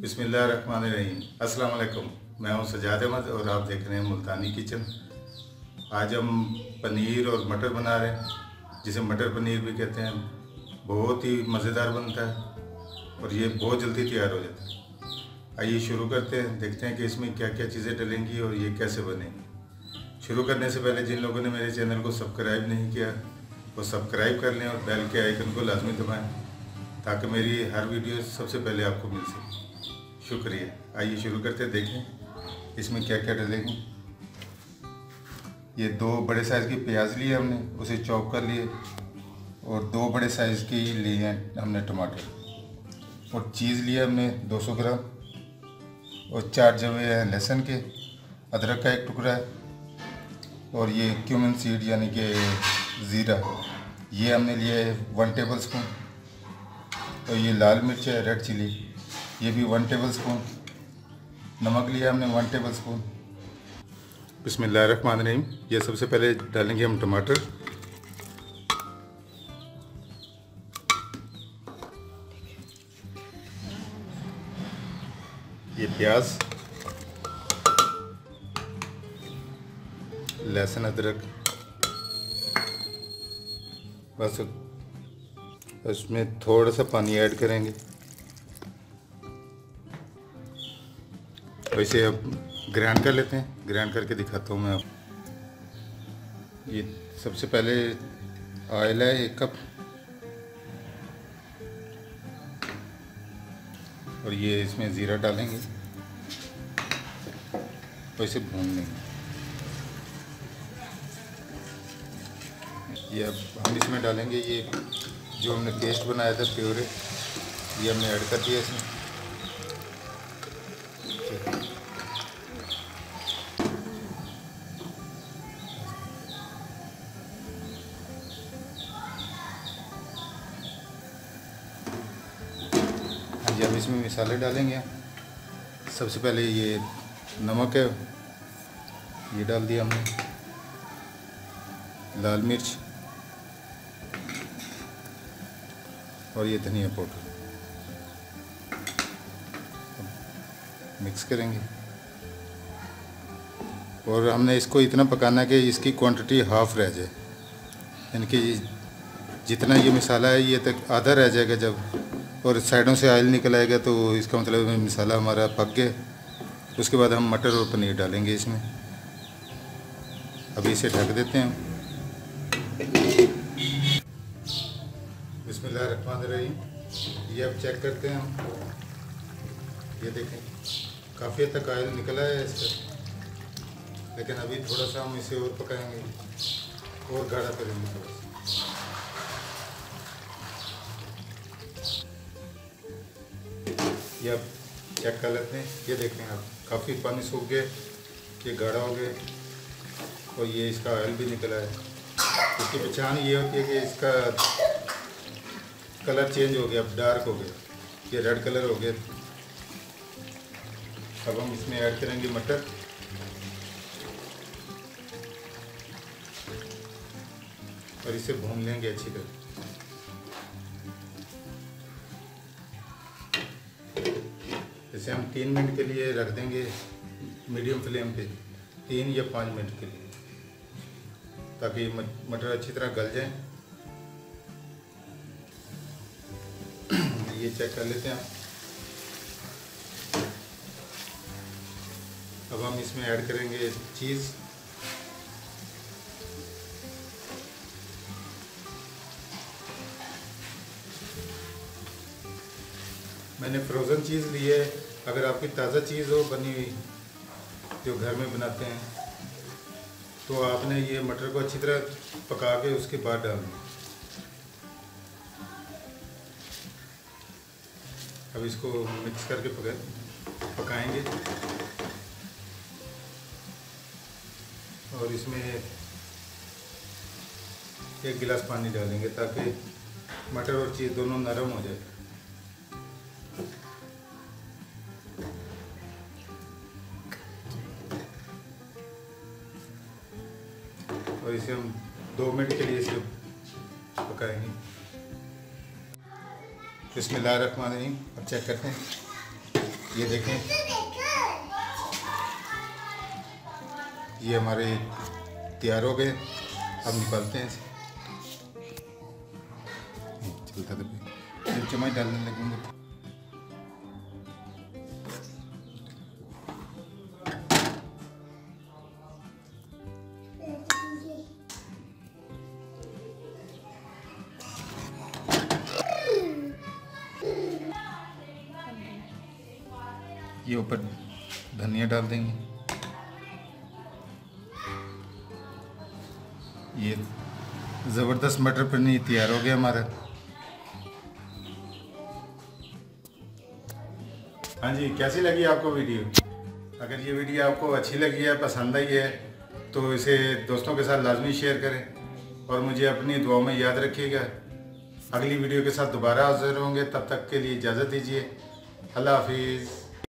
बिसमीम अस्सलाम मैं हूं सजाद अहमद और आप देख रहे हैं मुल्तानी किचन आज हम पनीर और मटर बना रहे हैं जिसे मटर पनीर भी कहते हैं बहुत ही मज़ेदार बनता है और ये बहुत जल्दी तैयार हो जाता है आइए शुरू करते हैं देखते हैं कि इसमें क्या क्या चीज़ें डलेंगी और ये कैसे बनेंगी शुरू करने से पहले जिन लोगों ने मेरे चैनल को सब्सक्राइब नहीं किया वो सब्सक्राइब कर लें और बैल के आइकन को लाजमी दबाएँ ताकि मेरी हर वीडियो सबसे पहले आपको मिल सके शुक्रिया आइए शुरू करते देखें इसमें क्या क्या डलेंगे ये दो बड़े साइज़ की प्याज लिए हमने उसे चॉप कर लिए और दो बड़े साइज़ के ही लिए हैं हमने टमाटर और चीज़ लिया हमने 200 ग्राम और चार जवे हैं लहसुन के अदरक का एक टुकड़ा है और ये क्यूमन सीड यानी कि ज़ीरा ये हमने लिया है वन टेबल स्पून और ये लाल मिर्च है रेड चिली ये भी वन टेबल स्पून नमक लिया हमने वन टेबल स्पून इसमें बिसमिल्ल मान रही ये सबसे पहले डालेंगे हम टमाटर ये प्याज लहसुन अदरक बस उसमें थोड़ा सा पानी ऐड करेंगे तो इसे अब ग्राइंड कर लेते हैं ग्राइंड करके दिखाता हूँ मैं अब ये सबसे पहले ऑयल है एक कप और ये इसमें ज़ीरा डालेंगे और इसे भून लेंगे ये अब हम इसमें डालेंगे ये जो हमने पेस्ट बनाया था प्योरे ये हमने ऐड कर दिया इसमें इसमें मिसाले डालेंगे सबसे पहले ये नमक है ये डाल दिया हमने लाल मिर्च और ये धनिया पाउडर मिक्स करेंगे और हमने इसको इतना पकाना है कि इसकी क्वांटिटी हाफ़ रह जाए यानी कि जितना ये मसाला है ये तक आधा रह जाएगा जब और साइडों से आयल निकल आएगा तो इसका मतलब मसाला हमारा पक गया उसके बाद हम मटर और पनीर डालेंगे इसमें अभी इसे ढक देते हैं रही ये अब चेक करते हैं ये देखें काफ़ी तक आयल निकला है इसका लेकिन अभी थोड़ा सा हम इसे और पकाएंगे और गाढ़ा करेंगे थोड़ा सा ये अब चेक कर लेते हैं ये देख हैं आप काफ़ी पानी सूख गए ये गाढ़ा हो गए और ये इसका ऑयल भी निकला है इसकी पहचान ये होती है कि इसका कलर चेंज हो गया अब डार्क हो गया ये रेड कलर हो गया अब हम इसमें ऐड करेंगे मटर और इसे भून लेंगे अच्छी तरह इसे हम तीन मिनट के लिए रख देंगे मीडियम फ्लेम पे तीन या पाँच मिनट के लिए ताकि मटर अच्छी तरह गल जाए ये चेक कर लेते हैं अब हम इसमें ऐड करेंगे चीज़ मैंने फ्रोज़न चीज़ ली है अगर आपकी ताज़ा चीज़ हो बनी हुई जो घर में बनाते हैं तो आपने ये मटर को अच्छी तरह पका के उसके बाद डालना अब इसको मिक्स करके पका पकाएंगे और इसमें एक गिलास पानी डालेंगे ताकि मटर और चीज़ दोनों नरम हो जाए इसे हम दो मिनट के लिए इसे पकाएंगे इसमें ला रखवा नहीं अब चेक करते हैं ये देखें ये हमारे तैयार हो गए अब निकालते हैं इसे चलता तो चम्मच डालने लगेंगे ये ऊपर धनिया डाल देंगे ये ज़बरदस्त मटर पनीर तैयार हो गया हमारा हाँ जी कैसी लगी आपको वीडियो अगर ये वीडियो आपको अच्छी लगी है पसंद आई है तो इसे दोस्तों के साथ लाजमी शेयर करें और मुझे अपनी दुआओं में याद रखिएगा अगली वीडियो के साथ दोबारा हाजिर होंगे तब तक के लिए इजाज़त दीजिए अल्लाह हाफिज़